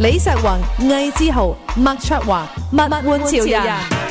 李石宏、魏志豪、麥卓華、物玩潮人。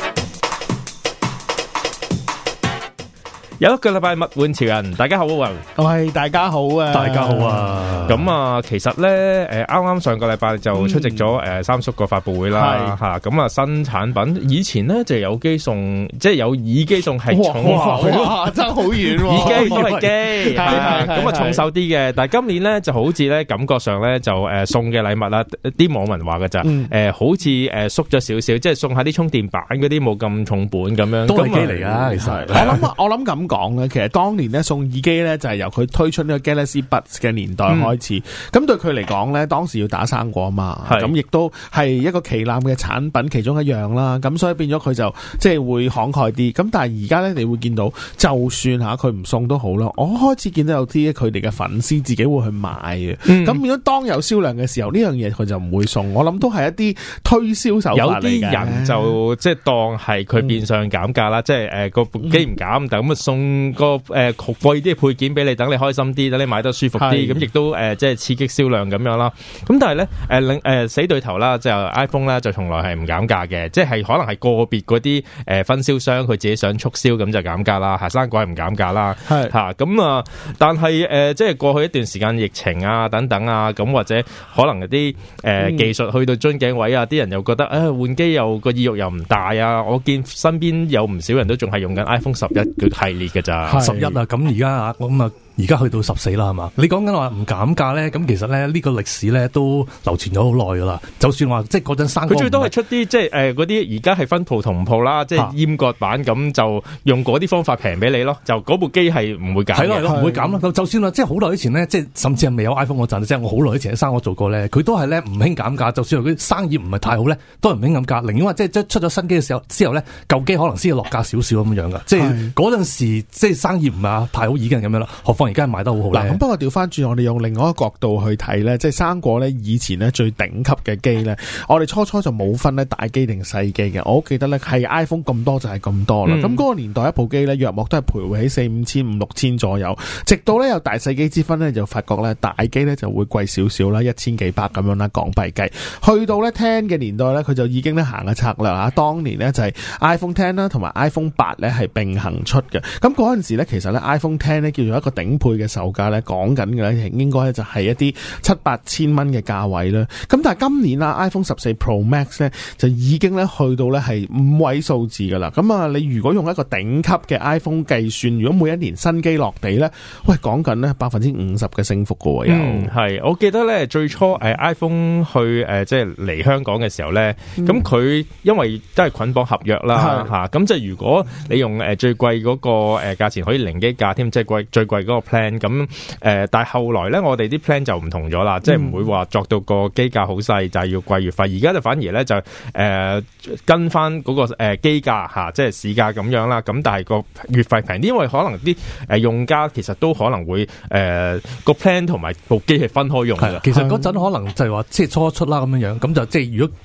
有一個禮拜，物換潮人，大家好啊！喂，大家好啊！大家好啊！咁啊，其實咧，誒，啱啱上個禮拜就出席咗誒三叔個發布會啦，吓咁啊新產品，以前咧就有機送，即係有耳機送係重，哇，真好遠，耳機冇耳機，係係係，咁啊重手啲嘅，但係今年咧就好似咧感覺上咧就誒送嘅禮物啦，啲網民話嘅咋，誒好似誒縮咗少少，即係送下啲充電板嗰啲冇咁重本咁樣，都係機嚟噶，其實我諗啊，我諗咁。講咧，其實當年咧送耳機咧就係由佢推出呢個 Galaxy Buds 嘅年代開始。咁、嗯、對佢嚟講咧，當時要打生果嘛，咁亦都係一個旗艦嘅產品其中一樣啦。咁所以變咗佢就即係、就是、會慷慨啲。咁但係而家咧，你會見到就算吓佢唔送都好啦。我開始見到有啲佢哋嘅粉絲自己會去買嘅。咁變咗當有銷量嘅時候，呢樣嘢佢就唔會送。我諗都係一啲推銷手法嚟嘅。有啲人就即係、就是、當係佢變相減價啦，嗯、即係誒個機唔減，但咁啊送。嗯，個誒，貴啲嘅配件俾你，等你開心啲，等你買得舒服啲，咁亦的都誒、呃，即係刺激銷量咁樣啦。咁但係咧，誒、呃，誒、呃、死對頭啦，就是、iPhone 啦，就從來係唔減價嘅，即係可能係個別嗰啲誒分銷商佢自己想促銷，咁就減價啦。下生果係唔減價啦，吓咁的啊。但係誒、呃，即係過去一段時間疫情啊，等等啊，咁或者可能嗰啲誒技術去到樽頸位啊，啲人又覺得誒換機又個意欲又唔大啊。我見身邊有唔少人都仲係用緊 iPhone 十一嘅系列。嘅咋十一啊，咁而家啊，咁啊。而家去到十四啦，係嘛？你講緊話唔減價咧，咁其實咧呢個歷史咧都流傳咗好耐噶啦。就算話即係嗰陣生，佢最多係出啲即係誒嗰啲而家係分鋪同鋪啦，即係閹割版咁就、啊、用嗰啲方法平俾你咯。就嗰部機係唔會減嘅，唔的會減咯。就算話即係好耐以前呢，即係甚至係未有 iPhone 嗰陣，即係我好耐以前喺生我做過咧，佢都係咧唔興減價。就算佢生意唔係太好咧，都唔興減價。寧願話即係即係出咗新機嘅時候之後咧，舊機可能先落價少少咁樣噶。的即係嗰陣時即係生意唔係太好已經咁樣啦。何況。而家買得好好啦。咁不過調翻轉，我哋用另外一個角度去睇呢，即係生果呢。以前呢，最頂級嘅機呢，我哋初初就冇分呢大機定細機嘅。我記得呢，係 iPhone 咁多就係咁多啦。咁嗰、嗯、個年代一部機呢，約莫都係徘徊喺四五千、五六千左右。直到呢，有大細機之分呢，就發覺呢，大機呢就會貴少少啦，一千幾百咁樣啦，港幣計。去到呢 Ten 嘅年代呢，佢就已經呢行嘅策略啊。當年呢，就係 iPhone Ten 啦，同埋 iPhone 八呢係並行出嘅。咁嗰陣時呢，其實呢，iPhone Ten 呢叫做一個頂。頂配嘅售價咧，講緊嘅咧，應該就係一啲七八千蚊嘅價位啦。咁但係今年啦，iPhone 十四 Pro Max 咧就已經咧去到咧係五位數字噶啦。咁啊，你如果用一個頂級嘅 iPhone 計算，如果每一年新機落地咧，喂，講緊咧百分之五十嘅升幅喎。又係、嗯。我記得咧最初誒 iPhone 去誒即係嚟香港嘅時候咧，咁佢、嗯、因為都係捆綁合約啦吓。咁即係如果你用誒最貴嗰個誒價錢可以零機價添，即係貴最貴嗰個。plan 咁誒，但係後來咧，我哋啲 plan 就唔同咗啦，即係唔會話作到個機價好細，就係要貴月費。而家就反而咧就誒跟翻嗰個誒機價吓，即係市價咁樣啦。咁但係個月費平啲，因為可能啲誒用家其實都可能會誒、呃、個 plan 同埋部機係分開用嘅。其實嗰陣可能就係話即係初出啦咁樣樣，咁就即係如果。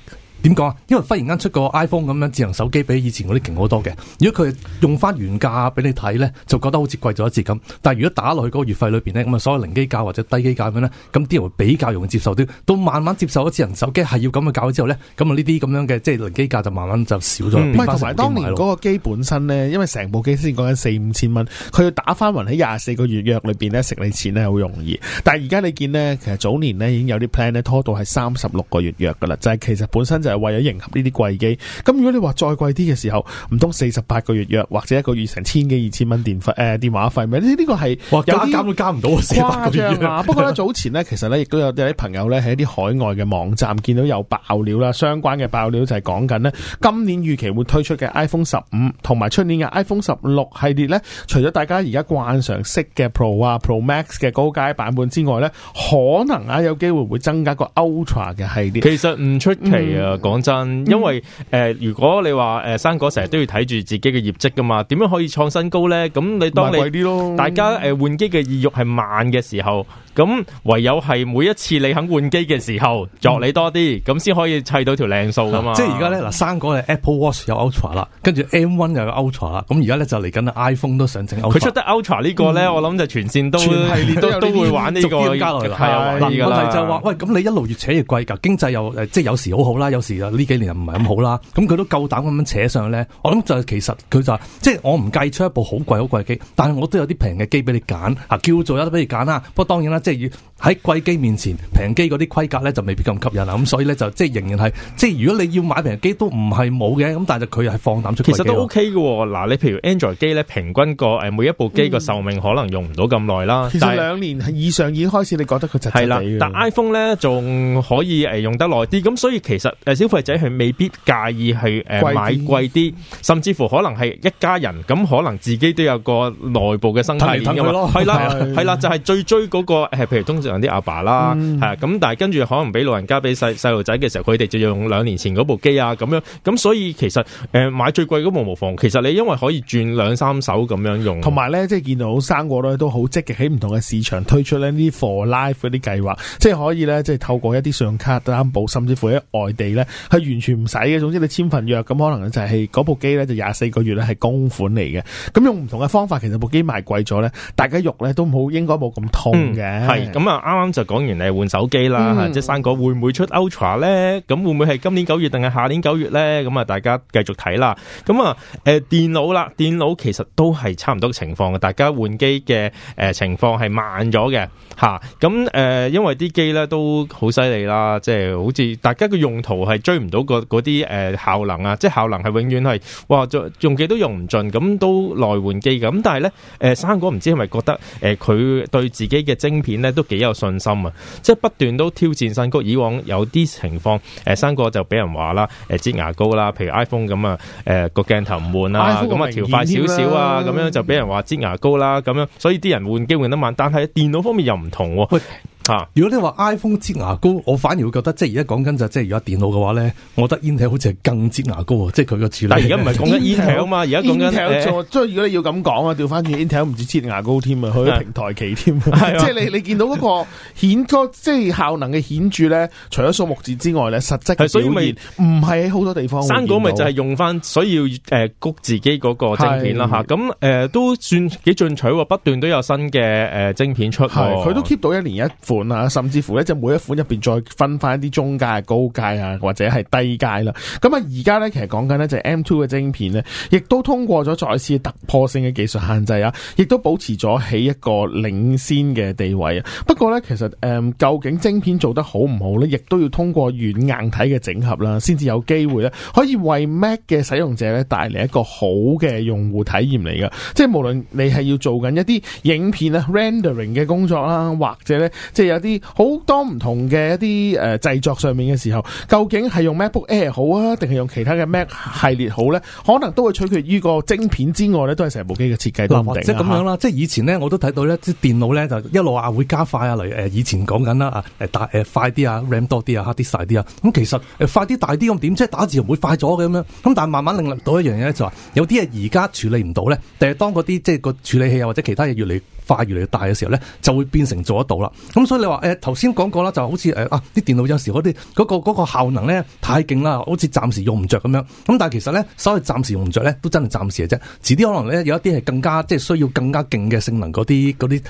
點講啊？因為忽然間出個 iPhone 咁樣，智能手機比以前嗰啲勁好多嘅。如果佢用翻原價俾你睇咧，就覺得好似貴咗一截咁。但係如果打落去嗰個月費裏邊咧，咁啊所謂零機價或者低機價咁樣咧，咁啲人會比較容易接受啲。到慢慢接受咗智能手機係要咁嘅搞之後咧，咁啊呢啲咁樣嘅即係零機價就慢慢就少咗。同埋、嗯、當年嗰個機本身咧，因為成部機先講緊四五千蚊，佢要打翻匀喺廿四個月約裏邊咧，食你錢咧好容易。但係而家你見呢，其實早年呢已經有啲 plan 咧，拖到係三十六個月約噶啦，就係、是、其實本身就是。為咗迎合呢啲貴機，咁如果你話再貴啲嘅時候，唔通四十八個月約，或者一個月成千幾、二千蚊電費誒電話費咩？呢、這、呢個係有啲，加加都加唔到，誇張啊！ 不過咧早前呢，其實呢，亦都有啲朋友呢，喺啲海外嘅網站見到有爆料啦，相關嘅爆料就係講緊呢，今年預期會推出嘅 iPhone 十五同埋出年嘅 iPhone 十六系列呢，除咗大家而家慣常識嘅 Pro 啊 Pro Max 嘅高階版本之外呢，可能啊有機會會增加個 Ultra 嘅系列。其實唔出奇啊！嗯講真，因為誒、呃，如果你話誒、呃，生果成日都要睇住自己嘅業績㗎嘛，點樣可以創新高咧？咁你當你大家誒換機嘅意欲係慢嘅時候。咁唯有係每一次你肯換機嘅時候，作你多啲，咁先、嗯、可以砌到條靚數噶嘛。啊、即係而家咧，嗱，生果 Apple Watch 有 Ultra 啦，跟住 M1 又有 Ultra 啦。咁而家咧就嚟緊 iPhone 都想整 Ultra。佢出得 Ultra 呢個咧，嗯、我諗就全線都係是都 都，都會玩呢、這個加落嚟。嗱是，問題就話、是，喂，咁你一路越扯越貴噶，經濟又即係有時好好啦，有時呢幾年又唔係咁好啦。咁佢都夠膽咁樣扯上咧。我諗就其實佢就是、即係我唔計出一部好貴好貴嘅機，但係我都有啲平嘅機俾你揀。啊，叫做有得俾你揀啦。不過當然啦。即係喺貴機面前，平機嗰啲規格咧就未必咁吸引啦，咁所以咧就即係仍然係即係如果你要買平機都唔係冇嘅，咁但係佢係放膽出。其實都 OK 嘅喎，嗱你譬如 Android 機咧，平均個誒每一部機個壽命可能用唔到咁耐啦。嗯、但其實兩年以上已經開始，你覺得佢就係啦。但 iPhone 咧仲可以誒用得耐啲，咁所以其實誒消費者佢未必介意去誒買貴啲，貴機甚至乎可能係一家人咁，可能自己都有個內部嘅生態咁啦，係啦，就係最追嗰個係譬如通常啲阿爸啦，係啊、嗯，咁但係跟住可能俾老人家俾細細路仔嘅時候，佢哋就要用兩年前嗰部機啊，咁樣，咁所以其實誒、呃、買最貴嗰部無妨。其實你因為可以轉兩三手咁樣用，同埋咧即係見到生果咧都好積極喺唔同嘅市場推出呢啲 for life 嗰啲計劃，即係可以咧即係透過一啲信用卡擔保，甚至乎喺外地咧係完全唔使嘅。總之你簽份約，咁可能就係嗰部機咧就廿四個月咧係供款嚟嘅，咁用唔同嘅方法，其實部機賣貴咗咧，大家肉咧都冇應該冇咁痛嘅。嗯係咁啊，啱啱就講完誒，換手機啦吓，即係生果會唔會出 Ultra 咧，咁會唔會係今年九月定係下年九月咧？咁啊、呃，大家繼續睇啦。咁、呃、啊，誒，電腦啦，電腦其實都係差唔多嘅情況嘅，大家換機嘅誒情況係慢咗嘅吓。咁誒，因為啲機咧都、就是、好犀利啦，即係好似大家嘅用途係追唔到個嗰啲誒效能啊，即係效能係永遠係哇，用機都用唔盡，咁都來換機。咁但係咧，誒、呃，生果唔知係咪覺得誒，佢、呃、對自己嘅晶片。咧都幾有信心啊！即係不斷都挑戰新高。以往有啲情況，誒、呃、生果就俾人話啦，誒、呃、擠牙膏啦，譬如 iPhone 咁啊，誒、呃、個鏡頭唔換啊，咁啊 iPhone 調快少少啊，咁樣就俾人話擠牙膏啦。咁樣所以啲人換機換得慢，但係電腦方面又唔同喎、啊。如果你話 iPhone 擠牙膏，我反而會覺得，即係而家講緊就即係而家電腦嘅話咧，我覺得 Intel 好似係更擠牙膏啊！即係佢個處理。但而家唔係講緊 Intel 嘛？而家講緊，即係、欸、如果你要咁講啊，調翻轉 Intel 唔止擠牙膏添啊，佢個平台期添。即係你你見到嗰個顯咗即係效能嘅顯著咧，除咗數目字之外咧，實質所以咪唔係喺好多地方。生果咪就係用翻，所以要誒谷自己嗰個晶片啦吓。咁誒、啊啊呃、都算幾進取，不斷都有新嘅誒、呃、晶片出。佢、啊啊、都 keep 到一年一款啊，甚至乎咧，就每一款入邊再分翻一啲中階、高階啊，或者係低階啦。咁啊，而家咧，其實講緊咧就係 M2 嘅晶片咧，亦都通過咗再次突破性嘅技術限制啊，亦都保持咗起一個領先嘅地位啊。不過咧，其實誒、嗯，究竟晶片做得好唔好咧，亦都要通過軟硬體嘅整合啦，先至有機會咧，可以為 Mac 嘅使用者咧帶嚟一個好嘅用戶體驗嚟㗎。即係無論你係要做緊一啲影片啊 rendering 嘅工作啦，或者咧即係。有啲好多唔同嘅一啲誒製作上面嘅時候，究竟係用 MacBook Air 好啊，定係用其他嘅 Mac 系列好咧？可能都會取決於個晶片之外咧，都係成部機嘅設計都唔定啦。即係咁樣啦，即係以前咧，我都睇到咧，即係電腦咧就一路話會加快啊，例如誒以前講緊啦啊，誒大誒快啲啊，Ram 多啲啊啲晒啲啊。咁其實誒快啲大啲咁點，即係打字又唔會快咗嘅咁樣。咁但係慢慢令到一樣嘢就話、是，有啲係而家處理唔到咧，但係當嗰啲即係個處理器啊或者其他嘢越嚟。化越嚟越大嘅時候咧，就會變成做得到啦。咁、嗯、所以你話誒，頭先講過啦，就好似誒、欸、啊，啲電腦有時嗰啲、嗰個、嗰個嗰個效能咧太勁啦，好似暫時用唔着咁樣。咁但係其實咧，所謂暫時用唔着咧，都真係暫時嘅啫。遲啲可能咧有一啲係更加即係、就是、需要更加勁嘅性能嗰啲啲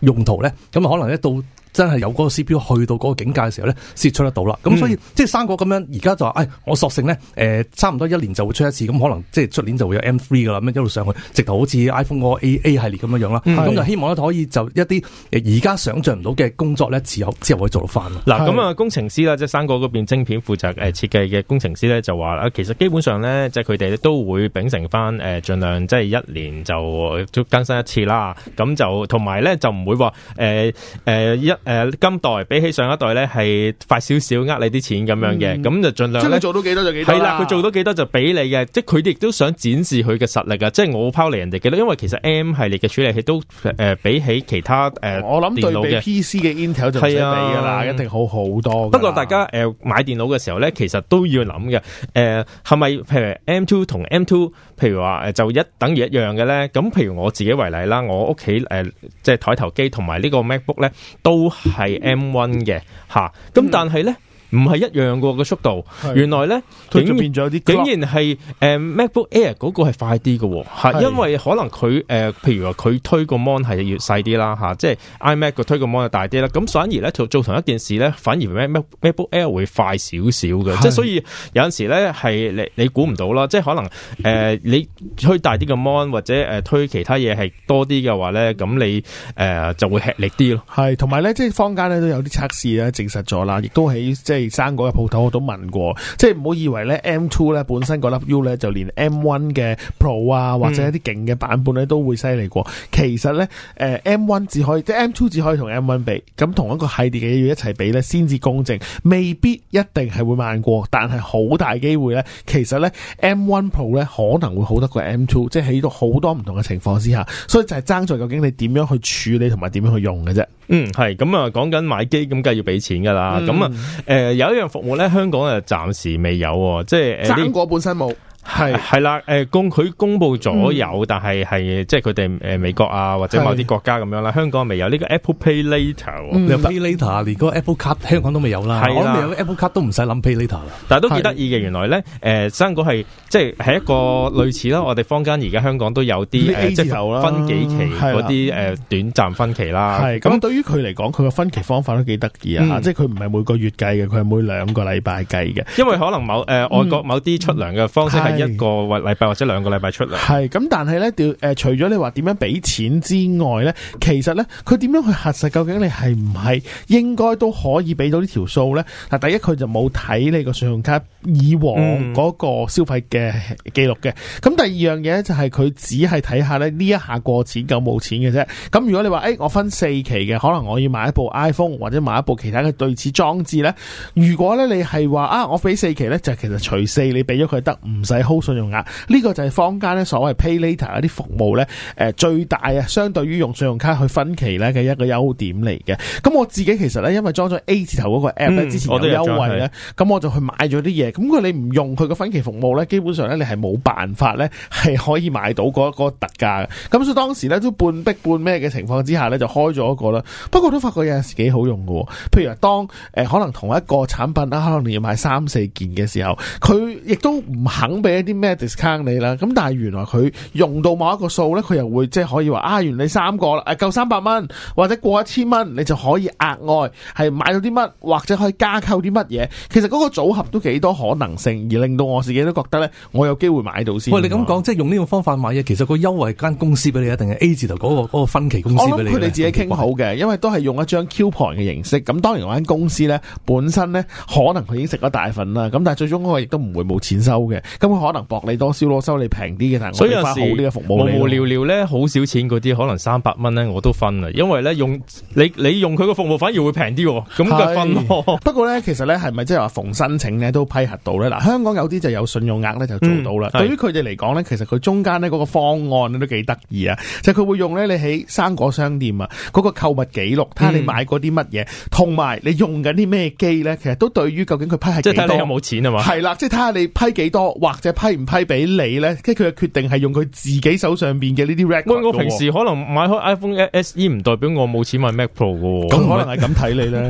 用途咧，咁、嗯、啊可能咧到。真係有嗰個 CPU 去到嗰個境界嘅時候咧，先出得到啦。咁所以、嗯、即係生果咁樣，而家就話，誒、哎，我索性咧、呃，差唔多一年就會出一次，咁可能即係出年就會有 M3 噶啦，咁一路上去，直頭好似 iPhone 嗰 A.A 系列咁樣樣啦。咁、嗯嗯、就希望咧可以就一啲而家想像唔到嘅工作咧，之後之後可以做到翻。嗱，咁啊，工程師啦，即係生果嗰邊晶片負責誒、呃、設計嘅工程師咧，就話啦，其實基本上咧，即係佢哋都會秉承翻誒，儘、呃、量即係一年就更新一次啦。咁就同埋咧就唔會話誒、呃呃、一。誒，金、呃、代比起上一代咧，係快少少呃，你啲錢咁樣嘅，咁、嗯、就盡量咧做到幾多就幾多。係啦，佢做到幾多就俾你嘅，即係佢哋亦都想展示佢嘅實力啊！即係我拋嚟人哋嘅，因為其實 M 系列嘅處理器都誒、呃、比起其他誒電腦嘅 PC 嘅 Intel 就係啊，一定好好多。不過大家誒、呃、買電腦嘅時候咧，其實都要諗嘅。誒係咪譬如 M2 同 M2，譬如話就一等於一樣嘅咧？咁譬如我自己為例啦，我屋企誒即係台頭機同埋呢個 MacBook 咧都。係 M1 嘅吓，咁但係咧。嗯唔係一樣個，個速度，是原來咧，佢變咗啲，竟然係誒、uh, MacBook Air 嗰個係快啲嘅，嚇，是的 因為可能佢誒、呃、譬如話佢推個 mon 係越細啲啦，吓、啊，即係 iMac 佢推個 mon 就大啲啦，咁、嗯、反而咧就做同一件事咧，反而 Mac Mac MacBook Air 會快少少嘅，是的 即係所以有陣時咧係你你估唔到啦，即係可能誒、呃、你推大啲個 mon 或者誒、呃、推其他嘢係多啲嘅話咧，咁你誒、呃、就會吃力啲咯。係同埋咧，即係、就是、坊間咧都有啲測試咧證實咗啦，亦都喺即係。就是生個鋪頭我都問過，即係唔好以為咧 M2 咧本身嗰粒 U 咧就連 M1 嘅 Pro 啊或者一啲勁嘅版本咧都會犀利過，嗯、其實咧誒 M1 只可以即係 M2 只可以同 M1 比，咁同一個系列嘅嘢，要一齊比咧先至公正，未必一定係會慢過，但係好大機會咧，其實咧 M1 Pro 咧可能會 M 好得過 M2，即係喺到好多唔同嘅情況之下，所以就係爭在究竟你點樣去處理同埋點樣去用嘅啫、嗯。嗯，係咁啊，講緊買機咁梗係要俾錢噶啦，咁啊誒。有一樣服務咧，香港就暫時未有，即係點講本身冇。係係啦，誒，公佢公布咗有，但係係即係佢哋誒美國啊或者某啲國家咁樣啦。香港未有呢個 Apple Pay Later，Apple Pay Later 連個 Apple Card 香港都未有啦。係啦，我未有 Apple Card 都唔使諗 Pay Later 啦。但係都幾得意嘅，原來咧，誒，生果係即係係一個類似啦。我哋坊間而家香港都有啲即分幾期嗰啲誒短暫分期啦。係，咁，對於佢嚟講，佢個分期方法都幾得意啊，即係佢唔係每個月計嘅，佢係每兩個禮拜計嘅。因為可能某誒外國某啲出糧嘅方式係。一個或禮拜或者兩個禮拜出嚟，係咁，但係咧，誒，除咗你話點樣俾錢之外咧，其實咧，佢點樣去核實究竟你係唔係應該都可以俾到呢條數咧？嗱，第一佢就冇睇你個信用卡以往嗰個消費嘅記錄嘅，咁、嗯、第二樣嘢咧就係佢只係睇下咧呢一下一過錢夠冇錢嘅啫。咁如果你話誒、欸，我分四期嘅，可能我要買一部 iPhone 或者買一部其他嘅類似裝置咧，如果咧你係話啊，我俾四期咧，就其實除四你俾咗佢得，唔使。好信用額呢、這個就係坊間咧所謂 Pay Later 一啲服務咧，誒、呃、最大啊，相對於用信用卡去分期咧嘅一個優點嚟嘅。咁我自己其實咧，因為裝咗 A 字頭嗰個 App 咧、嗯，之前有優惠咧，咁我，我就去買咗啲嘢。咁佢你唔用佢個分期服務咧，基本上咧你係冇辦法咧係可以買到嗰個特價嘅。咁所以當時咧都半逼半咩嘅情況之下咧，就開咗一個啦。不過都發覺有陣時幾好用喎，譬如當誒、呃、可能同一個產品啦，可能你要買三四件嘅時候，佢亦都唔肯俾。啲咩 discount 你啦，咁 但係原來佢用到某一個數咧，佢又會即係可以話啊，原來你三個啦，誒夠三百蚊，或者過一千蚊，你就可以額外係買到啲乜，或者可以加購啲乜嘢。其實嗰個組合都幾多可能性，而令到我自己都覺得咧，我有機會買到先。喂，你咁講，即係用呢個方法買嘢，其實個優惠間公司俾你一定係 A 字頭嗰個個分期公司俾你。我諗佢哋自己傾好嘅，因為都係用一張 coupon 嘅形式。咁當然嗰間公司咧，本身咧可能佢已經食咗大份啦，咁但係最終嗰個亦都唔會冇錢收嘅。咁。可能薄利多銷囉，收你平啲嘅，但係我好個服務，所以有服務無無聊聊咧，好少錢嗰啲，可能三百蚊咧，我都分啦。因為咧用你你用佢個服務反而會平啲，咁就分咯。是 不過咧，其實咧係咪即係話逢申請咧都批核到咧？嗱，香港有啲就有信用額咧就做到啦。嗯、對於佢哋嚟講咧，其實佢中間咧嗰個方案都幾得意啊。就佢、是、會用咧你喺生果商店啊嗰、那個購物記錄，睇下你買過啲乜嘢，同埋、嗯、你用緊啲咩機咧。其實都對於究竟佢批係即係睇你有冇錢啊嘛，係啦，即係睇下你批幾多或者。批唔批俾你咧？即係佢嘅決定係用佢自己手上邊嘅呢啲 record。我平時可能買開 iPhone SE，唔代表我冇錢買 Mac Pro 噶。咁可能係咁睇你咧，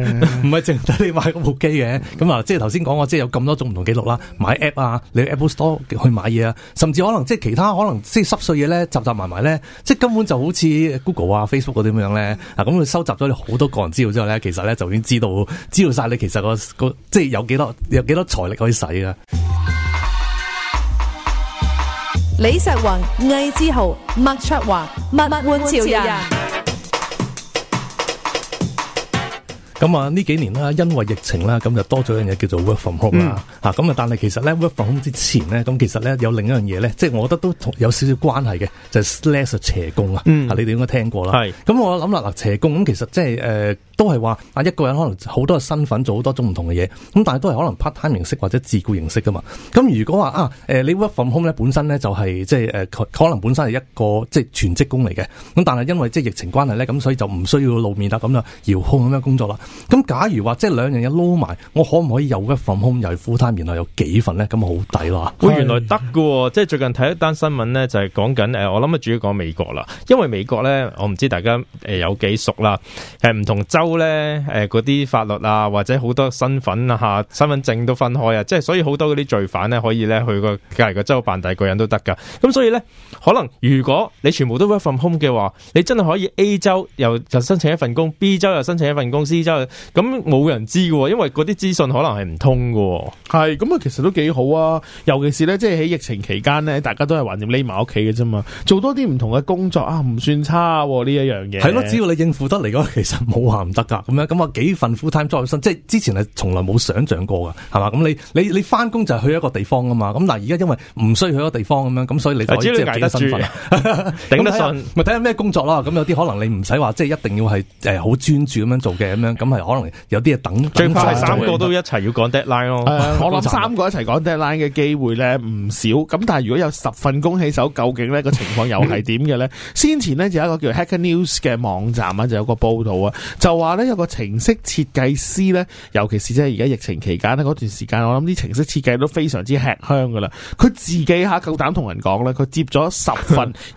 唔係淨得你買嗰部機嘅。咁啊，即係頭先講，我即係有咁多種唔同記錄啦，買 App 啊，你 Apple Store 去買嘢啊，甚至可能即係其他可能即係濕碎嘢咧，雜雜埋埋咧，即係根本就好似 Google 啊、Facebook 嗰啲咁樣咧。啊，咁佢收集咗你好多個人資料之後咧，其實咧就已經知道知道晒你其實個個即係有幾多有幾多財力可以使噶李石宏、魏之豪、麥卓華、麥麥換潮，潮人。咁啊，呢幾年啦，因為疫情啦，咁就多咗樣嘢叫做 work from home 啦、嗯。吓咁啊，但係其實咧 work from home 之前咧，咁其實咧有另一樣嘢咧，即係我覺得都同有少少關係嘅，就係 Slash 斜槓啊。吓，嗯、你哋應該聽過啦。係是。咁我諗啦嗱，斜槓咁其實即係誒。呃都係話啊，一個人可能好多嘅身份，做好多種唔同嘅嘢，咁但係都係可能 part time 形式或者自雇形式噶嘛。咁如果話啊，誒你 work from home 咧，本身咧就係即係誒可能本身係一個即係、就是、全職工嚟嘅，咁但係因為即係疫情關係咧，咁所以就唔需要露面啦，咁啊遙控咁樣工作啦。咁假如話即係兩樣嘢撈埋，我可唔可以有一份 home 又係 full time，然後有幾份咧？咁好抵啦。喂，原來得嘅、哦，即係最近睇一單新聞咧，就係講緊誒，我諗啊主要講美國啦，因為美國咧，我唔知大家誒有幾熟啦，係唔同州。都咧，誒，嗰啲法律啊，或者好多身份啊吓，身份證都分開啊，即係所以好多嗰啲罪犯咧、啊、可以咧去個隔籬個州辦第二個人都得噶，咁所以咧可能如果你全部都 work from home 嘅話，你真係可以 A 州又就申請一份工，B 州又申請一份工，C 州咁冇人知嘅、啊，因為嗰啲資訊可能係唔通嘅、啊，係咁啊，其實都幾好啊，尤其是咧即係喺疫情期間咧，大家都係橫掂匿埋屋企嘅啫嘛，做多啲唔同嘅工作啊，唔算差呢、啊、一樣嘢，係咯，只要你應付得嚟，嗰其實冇話。得噶咁樣咁啊幾份 full time job 身，即係之前係從來冇想象過噶，係嘛？咁你你你翻工就係去一個地方啊嘛。咁嗱，而家因為唔需要去一個地方咁樣，咁所以你只要你捱得，即身得住， 嗯、頂得順。咪睇下咩工作咯。咁有啲可能你唔使話即係一定要係誒好專注咁樣做嘅咁樣，咁係可能有啲嘢等。最怕係三個都一齊要趕 deadline 咯。呃、我諗三個一齊趕 deadline 嘅機會咧唔少。咁 但係如果有十份工起手，究竟呢個情況又係點嘅咧？ 先前呢就有一個叫 Hacker News 嘅網站啊，就有個報道啊，就話。話咧有個程式設計師咧，尤其是即係而家疫情期間呢嗰段時間，我諗啲程式設計都非常之吃香噶啦。佢自己吓夠膽同人講咧，佢接咗十份遙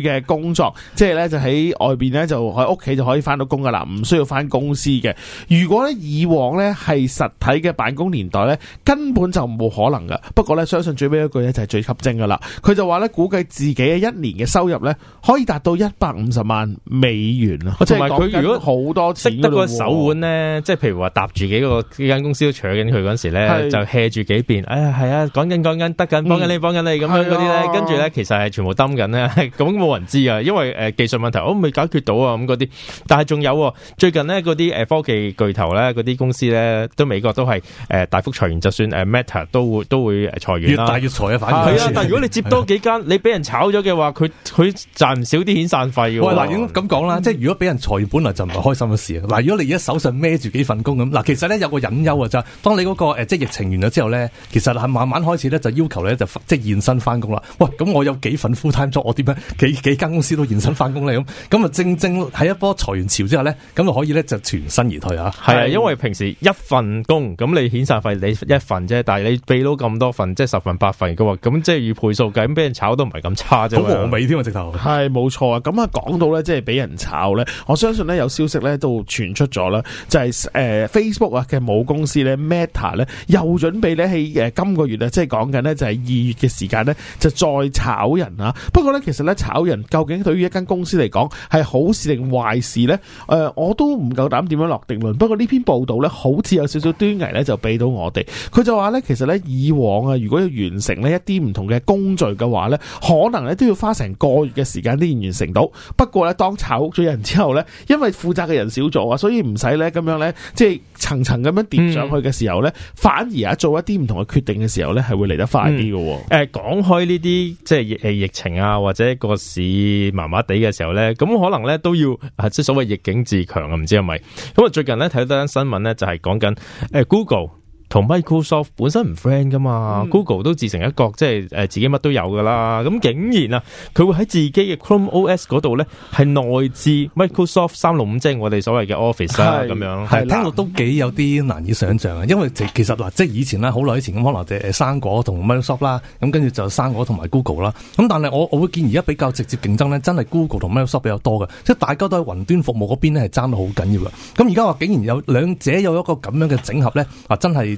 距嘅工作， 即係咧就喺外邊咧就喺屋企就可以翻到工噶啦，唔需要翻公司嘅。如果咧以往咧係實體嘅辦公年代咧，根本就冇可能噶。不過咧相信最尾一句咧就係最吸睛噶啦。佢就話咧估計自己一年嘅收入咧可以達到一百五十萬美元啊！即係講緊好多。識得個手腕咧，哦、即係譬如話搭住幾個呢間公司都搶緊佢嗰時咧，是就 hea 住幾遍，哎呀係啊，講緊講緊得緊，幫緊你幫緊你咁、嗯、樣嗰啲咧，跟住咧其實係全部 d 緊咧，咁冇人知啊，因為誒、呃、技術問題，我、哦、未解決到啊咁嗰啲，但係仲有最近呢，嗰啲誒科技巨頭咧，嗰啲公司咧，都美國都係誒、呃、大幅裁員，就算誒 Meta 都會都會裁員、啊，越大越裁啊，反而係啊。啊但如果你接多幾間， 你俾人炒咗嘅話，佢佢賺唔少啲遣散費、啊。喂，嗱咁咁講啦，即係如果俾人裁員，本來就唔開心嘅嗱，如果你而家手上孭住幾份工咁，嗱，其實咧有個隱憂啊，咋、就是，當你嗰、那個誒，即疫情完咗之後咧，其實係慢慢開始咧，就要求咧就即係現身翻工啦。喂，咁我有幾份 full time job，我點樣幾幾間公司都現身翻工咧？咁咁啊，正正喺一波裁員潮之後咧，咁就可以咧就全身而退啊？係、嗯、因為平時一份工咁你遣散費你一份啫，但係你俾到咁多份，即、就、係、是、十份八份嘅喎，咁即係以倍數計，咁俾人炒都唔係咁差啫。好和味添啊，直頭係冇錯啊。咁啊，講到咧即係俾人炒咧，我相信咧有消息咧都。傳出咗啦，就係、是、誒 Facebook 啊嘅母公司咧 Meta 咧，又準備咧喺誒今個月啊，即係講緊咧就係二月嘅時間咧，就再炒人啊。不過咧，其實咧炒人究竟對於一間公司嚟講係好事定壞事咧？誒、呃，我都唔夠膽點樣落定論。不過呢篇報道咧，好似有少少端倪咧，就俾到我哋。佢就話咧，其實咧以往啊，如果要完成呢一啲唔同嘅工序嘅話咧，可能咧都要花成個月嘅時間先完成到。不過咧，當炒咗人之後咧，因為負責嘅人少。所以唔使咧咁樣咧，即係層層咁樣疊上去嘅時候咧，反而啊做一啲唔同嘅決定嘅時候咧，係會嚟得快啲嘅。誒，講開呢啲即係誒疫情啊，或者個市麻麻地嘅時候咧，咁可能咧都要啊，即係所謂逆境自強啊，唔知係咪？咁、嗯、啊，最近咧睇到一單新聞咧，就係講緊誒 Google。同 Microsoft 本身唔 friend 㗎嘛、嗯、，Google 都自成一國，即係誒自己乜都有㗎啦。咁竟然啊，佢會喺自己嘅 Chrome OS 嗰度咧，係內置 Microsoft 三六五，即係我哋所謂嘅 Office 啦、啊、咁是樣，係是啦聽落都幾有啲難以想象啊！因為其實嗱即係以前啦，好耐以前咁可能誒、就是、生果同 Microsoft 啦，咁跟住就生果同埋 Google 啦。咁但係我我會見而家比較直接競爭咧，真係 Google 同 Microsoft 比較多嘅，即係大家都喺雲端服務嗰邊咧係爭得好緊要嘅。咁而家話竟然有兩者有一個咁樣嘅整合咧，啊真係。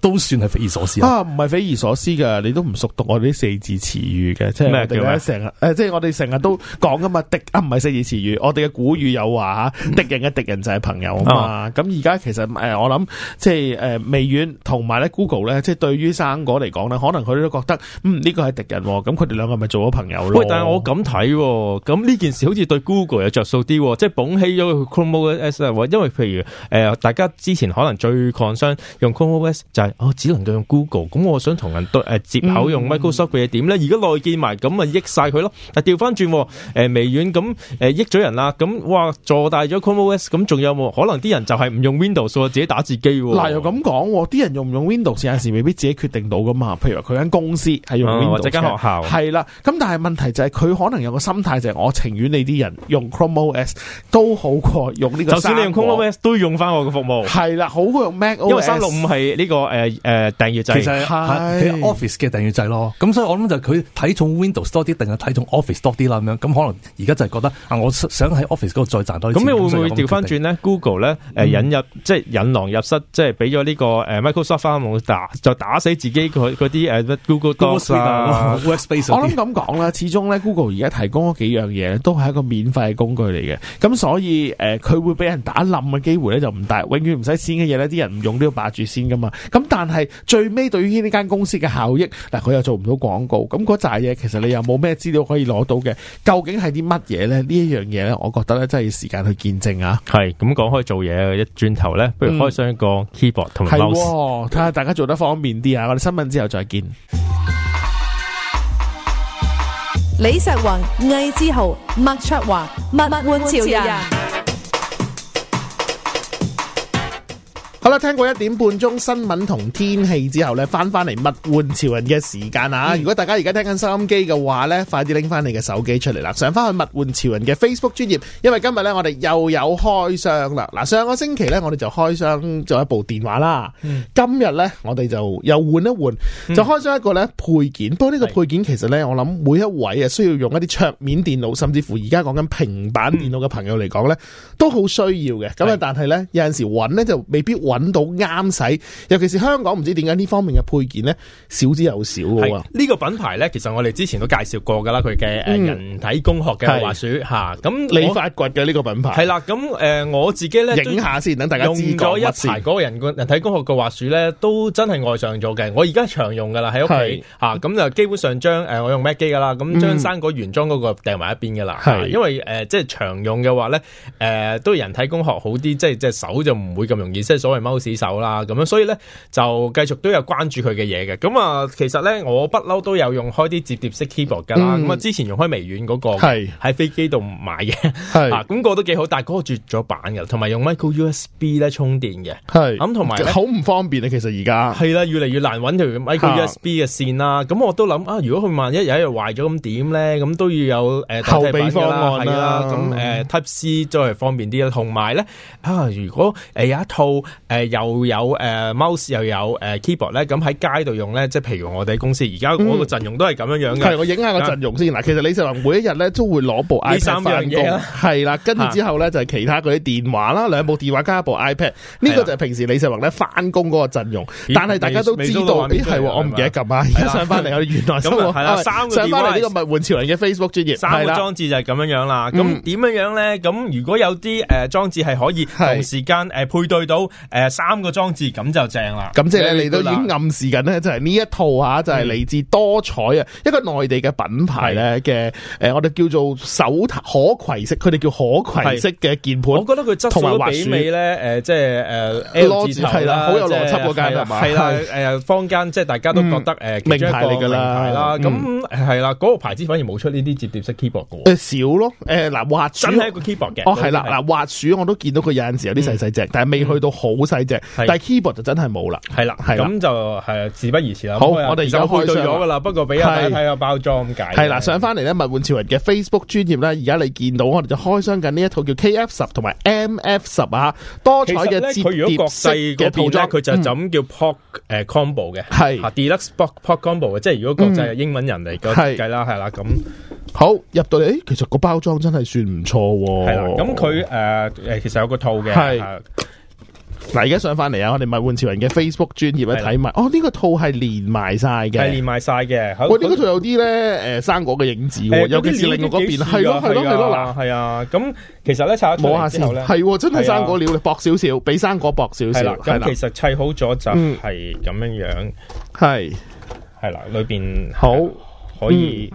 都算係匪夷所思啊！唔係、啊、匪夷所思噶，你都唔熟讀我啲四字詞語嘅，即係我成日，誒，即係我哋成日都講噶嘛，敵 啊，唔係四字詞語，我哋嘅古語有話吓， 敵人嘅敵人就係朋友 啊嘛。咁而家其實誒、呃，我諗即係誒，微軟同埋咧 Google 咧，即係、呃，對於生果嚟講咧，可能佢都覺得嗯呢、呢個係敵人、哦，咁佢哋兩個咪做咗朋友咯？喂，但係我咁睇、哦，咁呢件事好似對 Google 有着數啲、哦，即係捧起咗 Chrome OS，因為譬如誒、呃，大家之前可能最 concern 用 Chrome OS 就係我只能夠用 Google，咁我想同人誒接口用 Microsoft 嘅嘢點咧？而家內建埋咁咪益晒佢咯。但係調翻轉誒微軟咁誒益咗人啦，咁哇坐大咗 ChromeOS，咁仲有冇可能啲人就係唔用 Windows 自己打字機？嗱、嗯、又咁講，啲人用唔用 Windows 有陣時未必自己決定到噶嘛。譬如話佢間公司係用 Windows，或者間、哦、學校係啦。咁但係問題就係、是、佢可能有個心態就係我情願你啲人用 ChromeOS 都好過用呢個，就算你用 ChromeOS 都用翻我嘅服務。係啦，好過用 MacOS，因為三六五係呢個、呃誒誒訂閱制，呃呃、其實喺 Office 嘅訂閱制咯，咁是所以我諗就佢睇重 Windows 多啲定係睇重 Office 多啲啦咁樣，咁可能而家就係覺得啊，我想喺 Office 嗰度再賺多啲。咁你會唔會調翻轉呢 Google 咧誒引入、嗯、即係引狼入室，即係俾咗呢個誒 Microsoft 翻去打，就打死自己嗰啲誒 Google Docs Street ,啊，啊<那 >Workspace。我諗咁講啦，始終咧 Google 而家提供咗幾樣嘢，都係一個免費嘅工具嚟嘅，咁所以誒佢、呃、會俾人打冧嘅機會咧就唔大，永遠唔使錢先嘅嘢咧，啲人唔用都要霸住先噶嘛，咁。但係最尾對於呢間公司嘅效益，嗱佢又做唔到廣告，咁嗰扎嘢其實你又冇咩資料可以攞到嘅，究竟係啲乜嘢咧？呢樣嘢咧，我覺得咧真係要時間去見證啊！係咁講開做嘢，一轉頭咧，不如開箱一個 keyboard 同 mouse 睇下，嗯哦、大家做得方便啲啊！我哋新聞之後再見。李石宏、魏之豪、麥卓華、麥煥潮人。好啦，聽過一點半鐘新聞同天氣之後咧，翻翻嚟物玩潮人嘅時間啊！嗯、如果大家而家聽緊收音機嘅話咧，快啲拎翻你嘅手機出嚟啦！上翻去物玩潮人嘅 Facebook 專頁，因為今日咧我哋又有開箱啦。嗱，上個星期咧我哋就開箱咗一部電話啦，嗯、今日咧我哋就又換一換，就開箱一個咧配件。不過呢個配件其實咧，我諗每一位啊需要用一啲桌面電腦，甚至乎而家講緊平板電腦嘅朋友嚟講咧，都好需要嘅。咁啊，但係咧有陣時揾咧就未必揾。揾到啱使，尤其是香港唔知點解呢方面嘅配件咧少之又少喎。呢、呢個品牌咧，其實我哋之前都介紹過噶啦，佢嘅、呃嗯、人體工學嘅滑鼠吓，咁是、啊、你發掘嘅呢個品牌係啦。咁誒、呃，我自己咧影下先，等大家用咗一排嗰個人人體工學嘅滑鼠咧，都真係愛上咗嘅。我而家常用噶啦，喺屋企吓，咁是、啊、就基本上將誒、呃、我用 Mac 機噶啦，咁將生果原裝嗰個掟埋一邊噶啦。係、嗯、因為誒、呃，即係常用嘅話咧，誒、呃、都人體工學好啲，即係隻手就唔會咁容易，即係所謂。收手啦，咁樣所以咧就繼續都有關注佢嘅嘢嘅。咁啊，其實咧我不嬲都有用開啲折疊式 keyboard 噶啦。咁啊、嗯，之前用開微軟嗰、那個，係喺是飛機度買嘅，係是啊，咁、那個都幾好。但係嗰個絕咗版噶，同埋用 micro USB 咧充電嘅，係咁同埋好唔方便啊。其實而家係啦，越嚟越難揾條 micro USB 嘅線啦。咁是我都諗啊，如果佢萬一有一日壞咗咁點咧？咁都要有誒、呃、後備方案、啊、啦。咁誒、呃、，Type C 再係方便啲啦。同埋咧啊，如果誒有一套誒。呃又有誒 mouse 又有誒 keyboard 咧，咁喺街度用咧，即係譬如我哋公司而家我個陣容都係咁樣樣嘅。係，我影下個陣容先。嗱，其實李世宏每一日咧都會攞部 iPad 翻工，係啦，跟住之後咧就係其他嗰啲電話啦，兩部電話加一部 iPad，呢個就係平時李世宏咧翻工嗰個陣容。但係大家都知道，係我唔記得撳啊，而家上翻嚟，原來咁啊，係啦，三個上翻嚟呢個物玩潮人嘅 Facebook 專業，三個裝置就係咁樣樣啦。咁點樣樣咧？咁如果有啲裝置係可以同時間配對到三個裝置咁就正啦，咁即係你嚟到已經暗示緊咧，就係呢一套下，就係嚟自多彩啊一個內地嘅品牌咧嘅誒，我哋叫做手可攜式，佢哋叫可攜式嘅鍵盤。我覺得佢質素同埋幾美咧，誒即係誒 L 字頭啦，好有邏輯嗰間係嘛？係啦，誒坊間即係大家都覺得誒名牌嚟㗎啦，咁係啦，嗰個牌子反而冇出呢啲摺疊式 keyboard 嘅少咯。誒嗱，滑鼠係一個 keyboard 嘅，哦係啦，嗱滑鼠我都見到佢有陣時有啲細細隻，但係未去到好，細隻，但係 keyboard 就真係冇啦，係啦，咁就係事不宜遲啦。好，我哋而家去到咗噶啦，不過俾大家睇下包裝咁計。係啦，上翻嚟咧，物玩潮人嘅 Facebook 專頁咧，而家你見到我哋就開箱緊呢一套叫 KF 十同埋 MF 十啊，多彩嘅折疊式嘅套裝，佢就就咁叫 pack 誒 combo 嘅，係 deluxe box pack combo 嘅，即係如果國際係英文人嚟計啦，係啦，咁好入到嚟，其實個包裝真係算唔錯，咁佢誒誒，其實有個套嘅。嗱，而家上翻嚟啊，我哋物玩潮人嘅 Facebook 專頁咧睇埋，哦，呢個套係連埋晒嘅，係連埋晒嘅。我呢個套有啲咧，誒，生果嘅影子，尤其是另外嗰邊，係咯，係咯，係咯，嗱，係啊。咁其實咧拆摸下先，係，真係生果料，薄少少，比生果薄少少。咁其實砌好咗就係咁樣樣，係，係啦，裏邊好可以。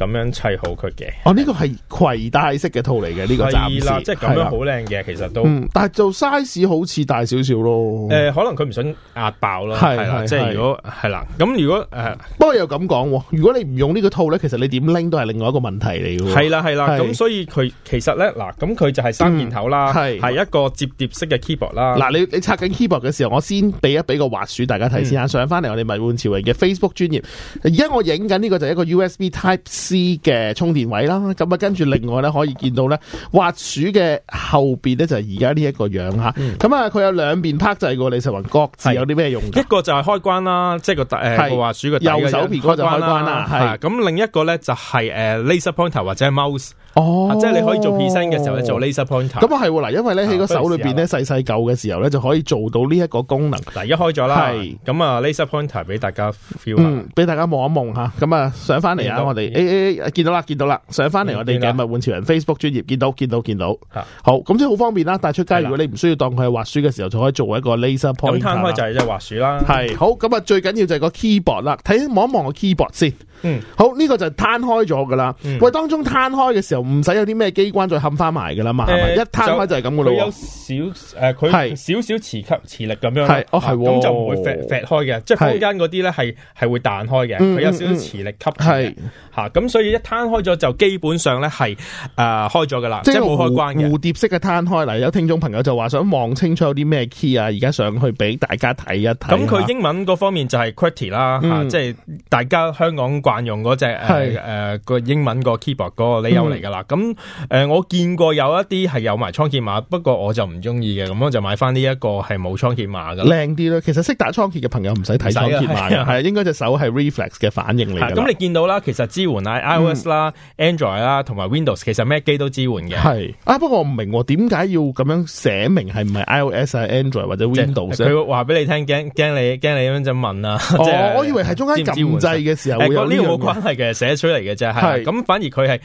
咁樣砌好佢嘅，哦，呢個係攜帶式嘅套嚟嘅呢個暫啦，即係咁樣好靚嘅，其實都，但係做 size 好似大少少咯，可能佢唔想壓爆咯，係啦，即係如果係啦，咁如果誒，不過又咁講喎，如果你唔用呢個套咧，其實你點拎都係另外一個問題嚟喎，係啦係啦，咁所以佢其實咧嗱，咁佢就係三件頭啦，係一個摺疊式嘅 keyboard 啦，嗱，你你拆緊 keyboard 嘅時候，我先俾一俾個滑鼠，大家睇先。下上翻嚟，我哋米物玩潮人嘅 Facebook 專頁，而家我影緊呢個就係一個 USB Type-C。嘅充電位啦，咁啊跟住另外咧可以見到咧滑鼠嘅後邊咧就係而家呢一個樣吓，咁啊佢有兩邊拍掣就係個李世宏各自有啲咩用？一個就係開關啦，即係個誒滑鼠嘅右手邊就開關啦，咁另一個咧就係誒 laser pointer 或者 mouse，哦，即係你可以做 present 嘅時候咧做 laser pointer，咁啊係喎嗱，因為咧喺個手裏邊咧細細舊嘅時候咧就可以做到呢一個功能，嗱而家開咗啦，係，咁啊 laser pointer 俾大家 feel，嗯，俾大家望一望吓，咁啊上翻嚟啊我哋誒，見到啦，見到啦，上翻嚟我哋嘅物玩潮人 Facebook 專頁，見到見到見到，好，咁即係好方便啦。但係出街如果你唔需要當佢係滑鼠嘅時候，就可以作為一個 laser pointer。攤開就係即係滑鼠啦。係好，咁啊最緊要就係個 keyboard 啦。睇望一望個 keyboard 先。嗯，好，呢個就攤開咗噶啦。喂，當中攤開嘅時候，唔使有啲咩機關再冚翻埋噶啦嘛。係咪？一攤開就係咁噶啦。有少誒，佢係少少磁吸磁力咁樣。係，咁就唔會甩開嘅，即係坊間嗰啲咧係係會彈開嘅，佢有少少磁力吸住嘅。吓咁、嗯、所以一攤開咗就基本上咧係誒開咗嘅啦，即係冇開關嘅蝴蝶式嘅攤開啦。有聽眾朋友就話想望清楚有啲咩 key 啊，而家上去俾大家睇一睇。咁佢、嗯、英文嗰方面就係 QWERTY 啦，啊、即係大家香港慣用嗰隻係誒個英文個 key 那個 keyboard 個理由嚟嘅啦。咁誒、嗯嗯、我見過有一啲係有埋倉頡碼，不過我就唔中意嘅，咁我就買翻呢、這個、一個係冇倉頡碼嘅，靚啲啦。其實識打倉頡嘅朋友唔使睇倉頡碼嘅，啊、應該隻手係 reflex 嘅反應嚟。咁你見到啦，其實支援嗯、iOS 啦、Android 啦，同埋 Windows，其實咩機都支援嘅。係啊，不過我唔明點解要咁樣寫明係唔係 iOS 啊、Android 或者 Windows？佢會話俾你聽，驚驚你驚你咁樣就問啦、啊。哦、是我以為係中間禁制嘅時候會、這個。誒、啊，呢個冇關係嘅，寫出嚟嘅啫。係咁是，是反而佢係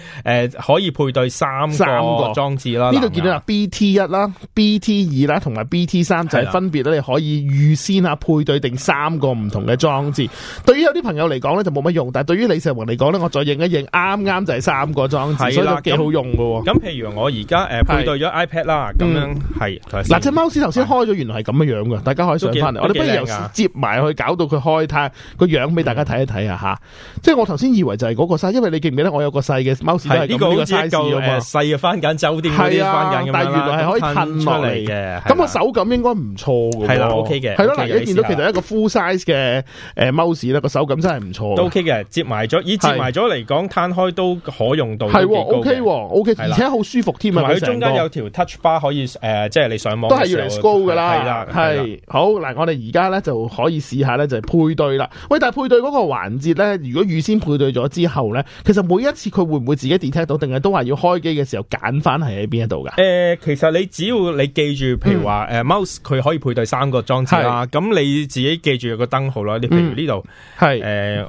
誒可以配對三個裝三個裝置啦。呢度見到啊，BT 一啦、BT 二啦，同埋 BT 三就係分別咧，你可以預先啊配對定三個唔同嘅裝置。的對於有啲朋友嚟講咧就冇乜用，但係對於李世宏嚟講咧，我再一型啱啱就係三個裝置，所以都幾好用嘅。咁譬如我而家誒配對咗 iPad 啦，咁樣係。嗱，隻 mouse 頭先開咗，原來係咁樣樣嘅。大家可以上翻嚟。我哋不如由接埋去搞到佢開，睇個樣俾大家睇一睇啊！吓，即係我頭先以為就係嗰個 size，因為你記唔記得我有個細嘅 mouse 都係呢個好似一個誒細嘅翻緊周啲嗰翻，但係原來係可以噴出嚟嘅。咁個手感應該唔錯嘅，係啦，OK 嘅。係咯，嗱，你見到其實一個 full size 嘅誒 mouse 咧，個手感真係唔錯。OK 嘅，接埋咗，已接埋咗嚟。講攤開都可用到，係 OK，OK，而且好舒服添啊！佢中間有條 Touch Bar 可以誒，即係你上網都係要嚟 scroll 噶啦，係啦，係。好嗱，我哋而家咧就可以試下咧，就係配對啦。喂，但係配對嗰個環節咧，如果預先配對咗之後咧，其實每一次佢會唔會自己 detect 到，定係都話要開機嘅時候揀翻係喺邊一度噶？誒，其實你只要你記住，譬如話誒 mouse，佢可以配對三個裝置啦。咁你自己記住有個燈號啦。你譬如呢度係誒。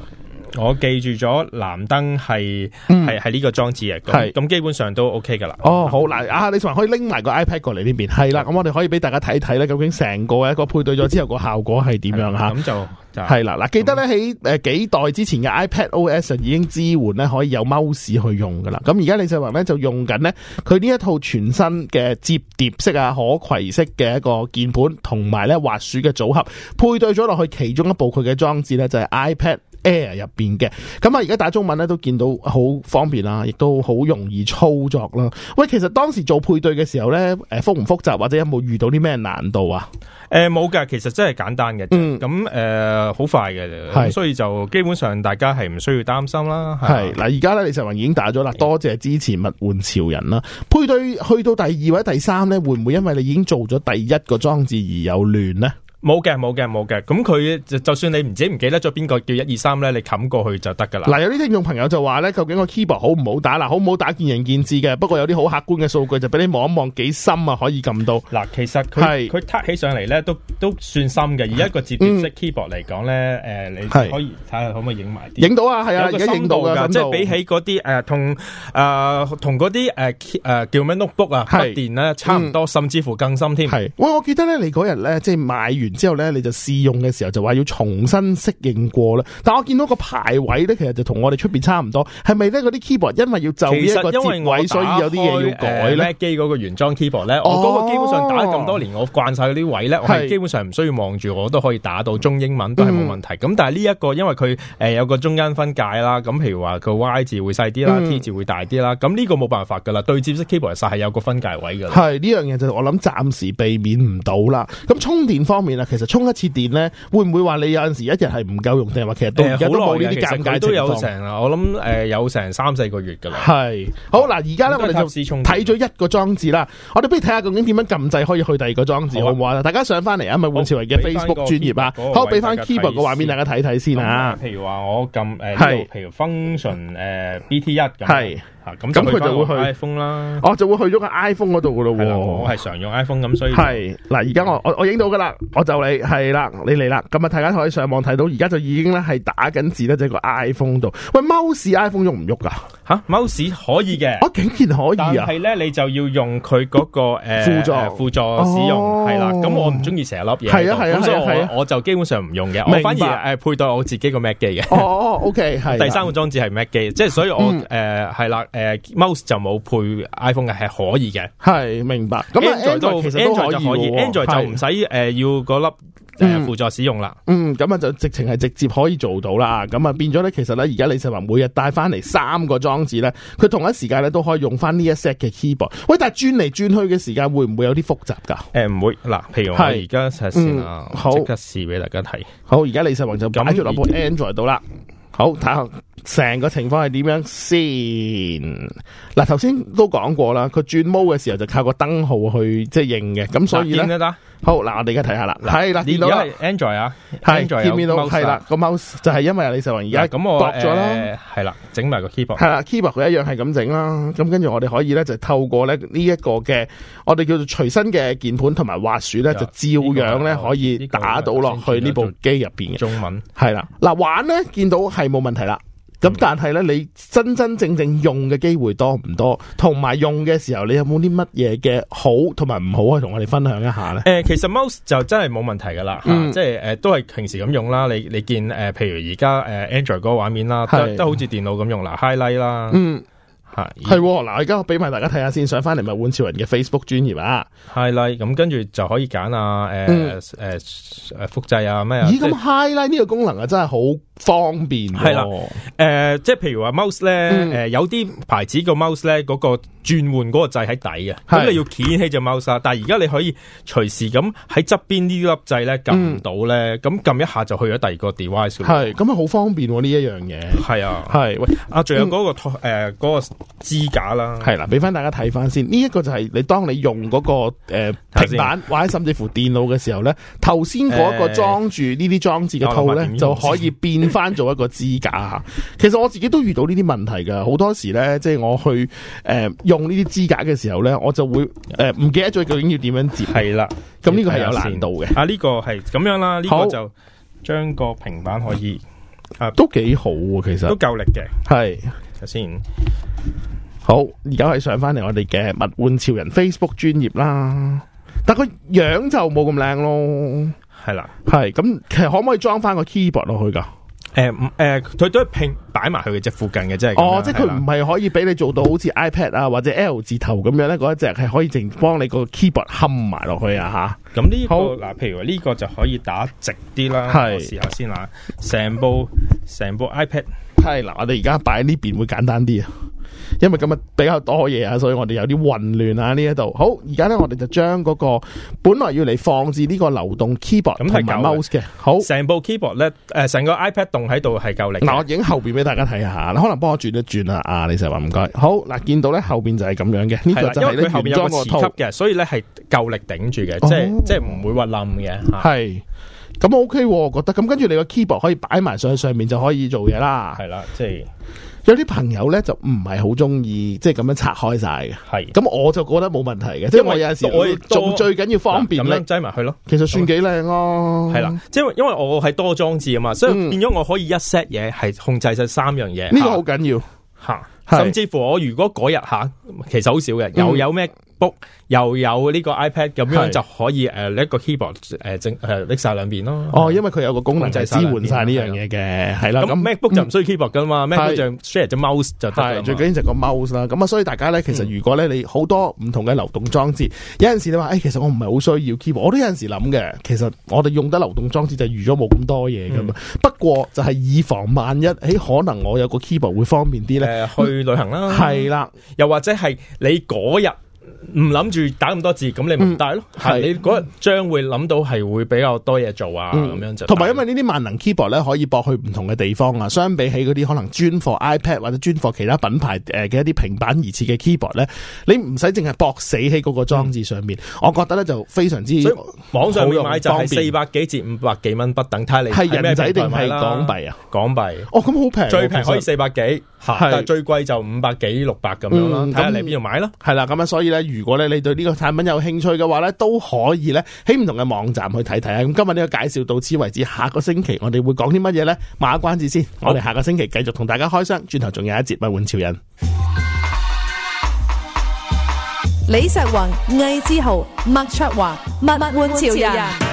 我記住咗藍燈係，係係呢個裝置嚟，係咁基本上都 OK 噶、哦啊啊、啦。哦、嗯，好嗱，啊，李世宏可以拎埋個 iPad 過嚟呢邊，係啦。咁我哋可以俾大家睇睇咧，究竟成個一個配對咗之後個效果係點樣吓？咁就係啦，嗱、啊，記得咧喺誒幾代之前嘅 iPad OS 已經支援咧可以有 Mouse 去用噶啦。咁而家李世宏咧就用緊呢佢呢一套全新嘅摺疊式啊可攜式嘅一個鍵盤，同埋咧滑鼠嘅組合配對咗落去其中一部佢嘅裝置咧就係、是、iPad。Air 入邊嘅，咁啊而家打中文咧都見到好方便啦，亦都好容易操作啦。喂，其實當時做配對嘅時候咧，誒複唔複雜或者有冇遇到啲咩難度啊？誒冇噶，其實真係簡單嘅，嗯，咁誒好快嘅，係是，所以就基本上大家係唔需要擔心啦。係嗱是，而家咧李實宏已經打咗啦，多謝支持物玩潮人啦。配對去到第二或者第三咧，會唔會因為你已經做咗第一個裝置而有亂呢？冇嘅，冇嘅，冇嘅。咁佢就算你唔知唔記得咗邊個叫一二三咧，你冚過去就得噶啦。嗱、啊，有啲聽眾朋友就話咧，究竟個 keyboard 好唔好打？嗱，好唔好打見仁見智嘅。不過有啲好客觀嘅數據就俾你望一望，幾深啊，可以撳到。嗱、啊，其實佢佢 touch 起上嚟咧，都都算深嘅。而一個折疊式 keyboard 嚟講咧，誒是、呃，你可以睇下可唔可以影埋啲嘢。影到啊，係啊，有個深度㗎，到度即係比起嗰啲誒同誒同嗰啲誒誒叫咩 notebook 啊筆是電咧差唔多，嗯、甚至乎更深添。係喂，我記得咧，你嗰日咧即係買完。之後咧，你就試用嘅時候就話要重新適應過啦。但我見到個排位咧，其實就同我哋出邊差唔多。係咪咧嗰啲 keyboard 因為要就一個接位，所以有啲嘢要改咧？機嗰、呃、個原裝 keyboard 咧，哦、我嗰個基本上打咁多年，我慣晒嗰啲位咧，是我係基本上唔需要望住我都可以打到中英文都係冇問題。咁、嗯、但係呢一個因為佢誒有個中間分界啦，咁譬如話個 Y 字會細啲啦，T 字會大啲啦，咁呢個冇辦法噶啦。對接式 keyboard 實係有個分界位噶，係呢樣嘢就我諗暫時避免唔到啦。咁充電方面呢。嗱，其實充一次電咧，會唔會話你有陣時一日係唔夠用定係話其實而日都冇呢啲尷尬、呃、都有成啦，我諗誒、呃、有成三四個月噶啦。係好嗱，而家咧我哋就睇咗一個裝置啦，我哋不如睇下究竟點樣撳掣可以去第二個裝置好唔吧好啊？大家上翻嚟啊，咪温兆偉嘅 Facebook 專頁。嗱，的好俾翻 keyboard 個畫面大家睇睇先啊。譬如話我撳誒、譬、呃、是如 function 誒、呃、，BT 一咁。咁咁佢就會去，哦、去 iPhone 啦，啊，我就會去咗個 iPhone 嗰度噶咯喎。我係常用 iPhone 咁，所以係嗱，而家我我影到噶啦，我就嚟係啦，你嚟啦，咁啊大家可以上網睇到，而家就已經咧係打緊字咧，就、這、係個 iPhone 度。喂，mouse iPhone 喐唔喐噶？嚇、啊，mouse 可以嘅，我、啊、竟然可以啊！係咧，你就要用佢嗰、那個誒輔助輔助使用係啦。咁、哦、我唔中意成日粒嘢，係啊係啊，咁我我就基本上唔用嘅，白我反而配對我自己個 Mac 機嘅。哦，OK，第三個裝置係 Mac 機，嗯、即係所以我係啦。呃誒、呃、mouse 就冇配 iPhone 嘅，係可以嘅，係明白。咁 And Android 其實 Android 都可以，Android 就唔使，誒要嗰粒誒輔助使用啦、嗯。嗯，咁啊就直情係直接可以做到啦。咁啊變咗咧，其實咧而家李世宏每日帶翻嚟三個裝置咧，佢同一時間咧都可以用翻呢一 set 嘅 keyboard。喂，但係轉嚟轉去嘅時間會唔會有啲複雜㗎？誒、嗯，唔會。嗱，譬如我而家試下先啊，即刻試俾大家睇。好，家好而家李世宏就擺住兩部 Android 到啦。好，睇下成個情況係點樣先。嗱，頭先都講過啦，佢轉毛嘅時候就靠個燈號去即係認嘅，咁所以咧。好，嗱我哋而家睇下啦，係啦、嗯，而家係 Android 啊，係是，見到係啦個 mouse 就係因為李世宏而家咁我誒係啦，整、呃、埋個 keyboard，係啦 keyboard 佢一樣係咁整啦，咁跟住我哋可以咧就透過咧呢一個嘅我哋叫做隨身嘅鍵盤同埋滑鼠咧就照樣咧可以打到落去呢部機入邊嘅中文，係啦，嗱玩咧見到係冇問題啦。咁、嗯、但係咧，你真真正正用嘅機會多唔多？同埋用嘅時候，你有冇啲乜嘢嘅好同埋唔好啊？可以同我哋分享一下咧。誒、呃，其實 Mouse 就真係冇問題噶啦、嗯啊，即係誒、呃、都係平時咁用啦。你你見誒、呃，譬如而家誒 Android 嗰個畫面啦，都是都好似電腦咁用啦、嗯，highlight 啦。嗯係，嗱，而家我俾埋大家睇下先，上翻嚟咪物玩潮人嘅 Facebook 專頁啊，highlight 咁跟住就可以揀啊，誒複製啊咩？咦，咁 highlight 呢個功能啊真係好方便，係啦，誒，即係譬如話 mouse 咧，誒有啲牌子個 mouse 咧嗰個轉換嗰個掣喺底啊，咁你要鉸起隻 mouse 啊，但而家你可以隨時咁喺側邊呢粒掣咧撳到咧，咁撳一下就去咗第二個 device，係，咁啊好方便呢一樣嘢，係啊，係，喂，阿仲有嗰個誒嗰個。支架啦，係啦，俾翻大家睇翻先。呢、這、一個就係你當你用嗰、那個誒、呃、平板，才或者甚至乎電腦嘅時候呢，頭先嗰個裝住呢啲裝置嘅套呢，就可以變翻做一個支架。 其實我自己都遇到呢啲問題嘅，好多時呢，即、就、係、是、我去誒、呃、用呢啲支架嘅時候呢，我就會誒唔、呃、記得咗究竟要點樣折。係啦的，咁呢個係有難度嘅。啊，呢、這個係咁樣啦。呢、這個就將個平板可以誒好、啊、都幾好啊，其實都夠力嘅。係是，睇先。好，而家係上翻嚟我哋嘅物玩潮人 Facebook 專頁啦，但佢樣就冇咁靚咯，係啦，係咁其實可唔可以裝翻個 keyboard 落去噶？誒、呃，誒、呃，佢都係拼擺埋佢嘅隻附近嘅，即、就、係、是、哦，即係佢唔係可以俾你做到好似 iPad 啊或者 L 字頭咁樣咧，嗰一隻係可以淨幫你個 keyboard 冚埋落去啊吓。咁呢、這個嗱好、啊，譬如話呢個就可以打直啲啦，試是下先啦，成部成部 iPad。係嗱，我哋而家擺喺呢邊會簡單啲啊，因為今日比較多嘢啊，所以我哋有啲混亂啊呢一度。好，而家咧我哋就將嗰、嗰個本來要你放置呢個流動 keyboard 同埋 mouse 嘅，好，成部 keyboard 咧誒，成、呃、個 iPad 動喺度係夠力的。嗱，我影後邊俾大家睇下，可能幫我轉一轉啊。阿李 Sir 話唔該。好，嗱，見到咧後邊就係咁樣嘅，的呢個就係佢後邊有個磁吸嘅，所以咧係夠力頂住嘅，即係即係唔會話冧嘅。係。咁 OK，我覺得咁跟住你個 keyboard 可以擺埋上去上面就可以做嘢啦。係啦，即係有啲朋友咧就唔係好中意即係咁樣拆開晒嘅。係咁，我就覺得冇問題嘅，即係我有時我做最緊要方便咁樣擠埋去咯。其實算幾靚咯。係啦，即係因為我係多裝置啊嘛，所以變咗我可以一 set 嘢係控制晒三樣嘢。呢個好緊要吓，甚至乎我如果改日下，其實好少嘅，又有咩 book 又有呢個 iPad 咁樣就可以誒，一個 keyboard 誒拎晒兩邊咯。哦，因為佢有個功能就係支援晒呢樣嘢嘅，係啦。咁 MacBook 就唔需要 keyboard 噶嘛，MacBook 就 share 隻 mouse 就得，最緊要就個 mouse 啦。咁啊，所以大家咧，其實如果咧你好多唔同嘅流動裝置，有陣時你話誒，其實我唔係好需要 keyboard，我都有陣時諗嘅。其實我哋用得流動裝置就預咗冇咁多嘢噶嘛。不過就係以防萬一，誒，可能我有個 keyboard 會方便啲咧。誒，去旅行啦，係啦，又或者係你嗰日。唔諗住打咁多字，咁你唔帶咯。係你嗰日將會諗到係會比較多嘢做啊，咁樣就。同埋因為呢啲萬能 keyboard 咧，可以駁去唔同嘅地方啊。相比起嗰啲可能專貨 iPad 或者專貨其他品牌誒嘅一啲平板而設嘅 keyboard 咧，你唔使淨係駁死喺嗰個裝置上面。我覺得咧就非常之。所以網上面買就係四百幾至五百幾蚊不等，睇你係人仔定係港幣啊？港幣哦，咁好平，最平可以四百幾，但最貴就五百幾六百咁樣啦。睇下你邊度買咯，係啦，咁所以如果咧你對呢個產品有興趣嘅話咧，都可以咧喺唔同嘅網站去睇睇啊！咁今日呢個介紹到此為止，下個星期我哋會講啲乜嘢呢？賣關子先。好我哋下個星期繼續同大家開箱。轉頭仲有一節《物玩潮人》，李石宏、魏志豪、麥卓華，麥《物玩潮人》潮人。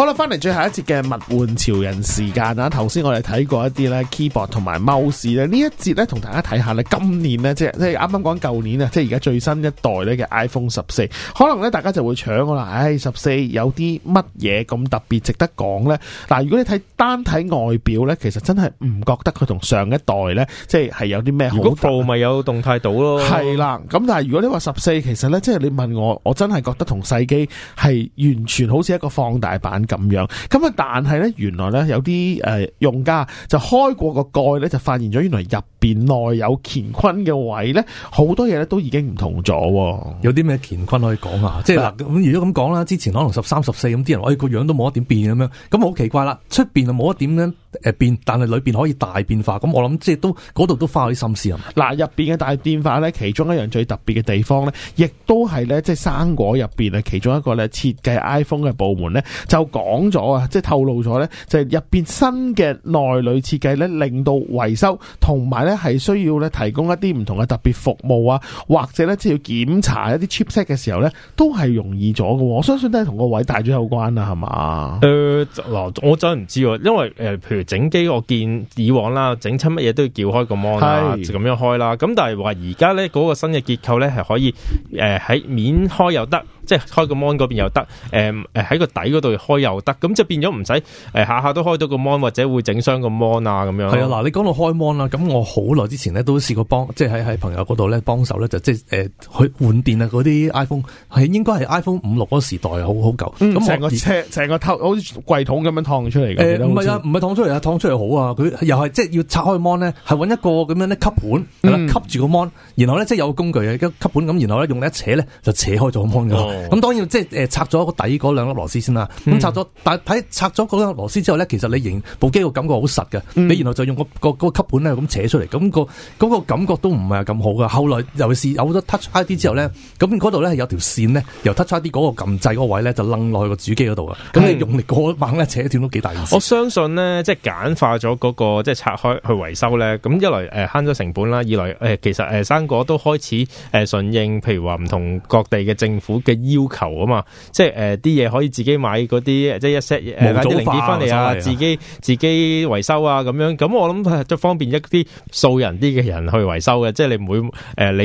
好啦，翻嚟最後一節嘅物玩潮人時間啊！頭先我哋睇過一啲咧 keyboard 同埋 mouse 咧，呢一節咧同大家睇下咧，今年咧即係即係啱啱講舊年啊，即係而家最新一代咧嘅 iPhone 十四，可能咧大家就會搶啦。唉，十四有啲乜嘢咁特別值得講咧？嗱，如果你睇單睇外表咧，其實真係唔覺得佢同上一代咧，即係係有啲咩好。如果部咪有動態島咯，係啦。咁但係如果你話十四，其實咧即係你問我，我真係覺得同細機係完全好似一個放大版。咁樣，咁啊，但係咧，原來咧有啲誒用家就開過個蓋咧，就發現咗原來入邊內有乾坤嘅位咧，好多嘢咧都已經唔同咗，有啲咩乾坤可以講啊？即係嗱咁，如果咁講啦，之前可能十三十四咁啲人，誒個樣都冇一點變咁樣，咁好奇怪啦！出邊啊冇一點咧誒變，但係裏邊可以大變化，咁我諗即係都嗰度都花啲心思啊！嗱，入邊嘅大變化咧，其中一樣最特別嘅地方咧，亦都係咧即係生果入邊啊，其中一個咧設計 iPhone 嘅部門咧就講咗啊，即係透露咗咧就係入邊新嘅內裏設計咧，令到維修同埋係需要咧提供一啲唔同嘅特別服務啊，或者咧即係要檢查一啲 chipset 嘅時候咧，都係容易咗嘅。我相信都係同個位大咗有關啦，係嘛？誒，嗱，我真係唔知喎，因為誒、呃，譬如整機，我見以往啦，整親乜嘢都要叫開個 mon 啊，就咁是樣開啦。咁但係話而家咧嗰個新嘅結構咧係可以誒喺、呃、面開又得，即係開個 mon 嗰邊又得，誒誒喺個底嗰度開又得，咁就變咗唔使誒下下都開到個 mon 或者會整傷個 mon 啊咁樣。係啊，嗱，你講到開 mon 啦，咁我好耐之前咧，都試過幫，即係喺喺朋友嗰度咧幫手咧，就即係誒去換電啊！嗰啲 iPhone 係應該係 iPhone 五六嗰時代，好好舊，咁成、嗯、我個車，成我個偷，好似櫃桶咁樣燙出嚟嘅。唔係啊，唔係燙出嚟啊，燙出嚟好啊！佢又係即係要拆開 mon 咧，係搵一個咁樣咧吸盤，係啦，嗯、吸住個 mon，然後咧即係有工具一吸盤咁，然後咧用一扯咧就扯開咗個 mon 嘅。咁、哦、當然即係誒拆咗個底嗰兩粒螺絲先啦。咁、嗯、拆咗，但係睇拆咗嗰兩粒螺絲之後咧，其實你仍部機個感覺好實嘅。嗯、你然後就用個、那個吸盤咧咁扯出嚟。咁、那個嗰、那個、感覺都唔係咁好㗎。後來尤其是有多 touch ID 之後咧，咁嗰度咧有條線咧，由 touch ID 嗰個撳掣嗰位咧就掕落去個主機嗰度啊。咁、嗯、你用力過猛咧，扯斷都幾大件我相信咧，即係簡化咗嗰、那個即係拆開去維修咧。咁一來誒慳咗成本啦，二來其實,、呃其實呃、生果都開始誒順應，譬如話唔同各地嘅政府嘅要求啊嘛。即係啲嘢可以自己買嗰啲，即係一 set 誒啲零件翻嚟啊，自己自己維修啊咁咁我、呃、方便一啲。素人啲嘅人去維修嘅，即係你唔會誒、呃，你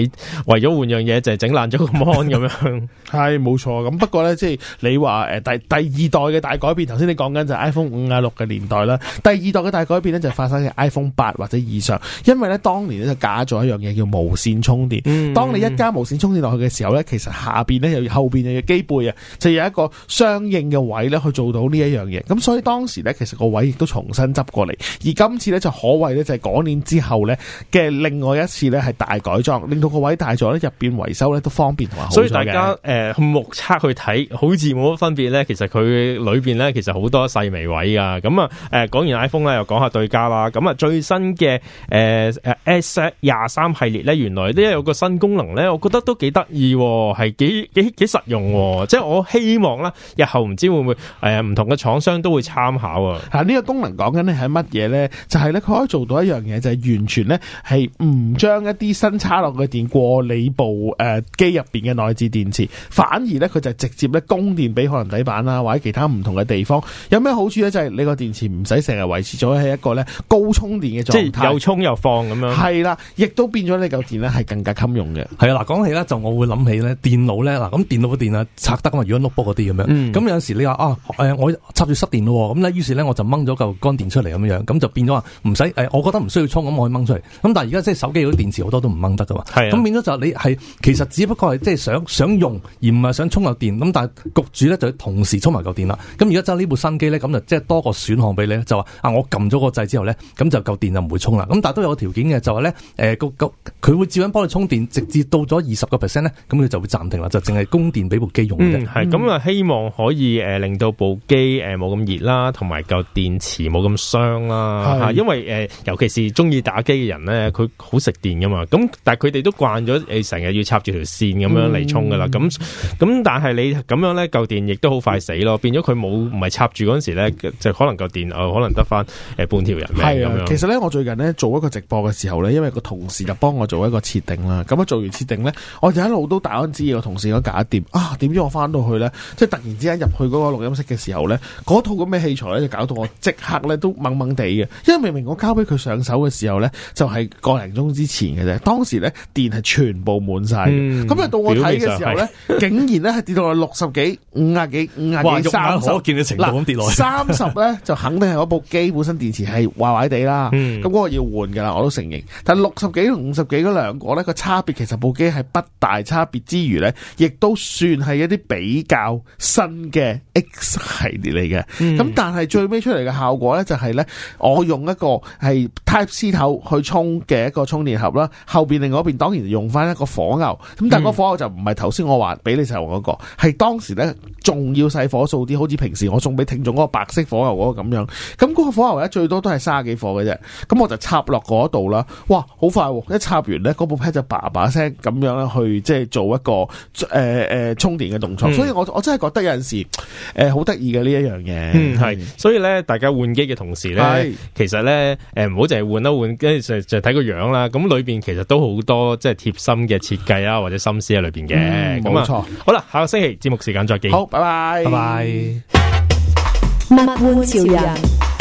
為咗換 樣嘢，就係整爛咗個 mon 咁樣。係，冇錯。咁不過呢，即係你話誒，第、呃、第二代嘅大改變，頭先你講緊就係 iPhone 五啊六嘅年代啦。第二代嘅大改變呢，就發生喺 iPhone 八或者以上，因為呢當年呢，就假咗一樣嘢叫無線充電。嗯、當你一加無線充電落去嘅時候呢，其實下邊呢，又後邊嘅機背啊，就有一個相應嘅位呢，去做到呢一樣嘢。咁所以當時呢，其實個位亦都重新執過嚟。而今次呢，就可謂呢，就係、是、嗰年之後。嘅另外一次咧，係大改裝，令到個位大咗咧，入邊維修咧都方便同埋好咗嘅。所以大家誒、呃、目測去睇，好似冇乜分別咧。其實佢裏邊咧其實好多細微位㗎、啊。咁啊誒講完 iPhone 咧，又講下對家啦。咁啊最新嘅誒誒 S 廿三系列咧，原來咧有個新功能咧，我覺得都幾得意，係幾幾幾實用。即係我希望啦，日後唔知會唔會誒唔、呃、同嘅廠商都會參考啊。吓呢、啊這個功能講緊咧係乜嘢咧？就係咧佢可以做到一樣嘢，就係、是、完全。全咧係唔將一啲新叉落嘅電過你部誒、呃、機入邊嘅內置電池，反而咧佢就係直接咧供電俾可能底板啦，或者其他唔同嘅地方。有咩好處咧？就係、是、你個電池唔使成日維持咗喺一個咧高充電嘅狀態，即係又充又放咁樣。係啦，亦都變咗呢嚿電咧係更加襟用嘅。係啊、嗯，嗱講起咧就我會諗起咧電腦咧嗱，咁電腦嘅電啊拆得咁啊，如果 notebook 嗰啲咁樣，咁、嗯、有陣時你話啊誒我插住失電咯咁咧，於是咧我就掹咗嚿乾電出嚟咁樣，咁就變咗話唔使誒，我覺得唔需要充咁我可掹。咁但係而家即係手機嗰啲電池好多都唔掹得噶嘛，咁是、啊、變咗就是你係其實只不過係即係想想用而唔係想充夠電，咁但係焗住咧就同時充埋嚿電啦。咁而家就呢部新機咧，咁就即係多個選項俾你就話啊我撳咗個掣之後咧，咁就嚿電就唔會充啦。咁但係都有個條件嘅，就係咧誒個佢會照樣幫你充電，直至到咗二十個 percent 咧，咁佢就會暫停啦，就淨係供電俾部機用嘅、嗯。咁啊、嗯，希望可以誒令到部機誒冇咁熱啦，同埋嚿電池冇咁傷啦。是的 因為誒、呃、尤其是中意打。機嘅人咧，佢好食電噶嘛，咁但係佢哋都慣咗誒，成日要插住條線咁樣嚟充噶啦，咁咁、嗯、但係你咁樣咧，舊電亦都好快死咯，變咗佢冇，唔係插住嗰陣時咧，就可能舊電、呃、可能得翻誒半條人命咁、啊、樣。其實咧，我最近咧做一個直播嘅時候咧，因為個同事就幫我做一個設定啦，咁啊做完設定咧，我就一路都打緊字。個同事都搞掂。啊，點知我翻到去咧，即係突然之間入去嗰個錄音室嘅時候咧，嗰套咁嘅器材咧就搞到我即刻咧都掹掹地嘅，因為明明我交俾佢上手嘅時候咧。就係個零鐘之前嘅啫，當時咧電係全部滿晒，咁啊、嗯、到我睇嘅時候咧，竟然咧係跌到六十幾、五廿幾、五廿幾、三十哇，我見嘅程度咁跌落去三十咧， 就肯定係嗰部機本身電池係壞壞地啦，咁嗰、嗯、個要換噶啦，我都承認。但係六十幾同五十幾嗰兩個咧，個差別其實部機係不大差別之餘咧，亦都算係一啲比較新嘅 X 系列嚟嘅，咁、嗯、但係最尾出嚟嘅效果咧就係、是、咧，我用一個係 Type C 頭。去充嘅一個充電盒啦，後邊另外一邊當然用翻一個火牛咁，但係個火牛就唔係頭先我話俾你細王、那個，係、嗯、當時咧仲要細火數啲，好似平時我送俾聽眾嗰個白色火牛嗰個咁樣。咁、那、嗰個火牛咧最多都係卅幾火嘅啫，咁我就插落嗰度啦。哇，好快喎！哦！一插完咧，嗰部 pad 就叭叭聲咁樣咧去即係做一個誒誒、呃呃、充電嘅動作。嗯、所以我我真係覺得有陣時誒好得意嘅呢一樣嘢，嗯係、嗯。所以咧，大家換機嘅同時咧，是其實咧誒唔好淨係換一換機。就就睇個樣啦，咁裏邊其實都好多即係貼心嘅設計啊，或者心思喺裏邊嘅。嗯，冇錯。好啦，下個星期節目時間再見。好，拜拜，拜拜。物玩潮人。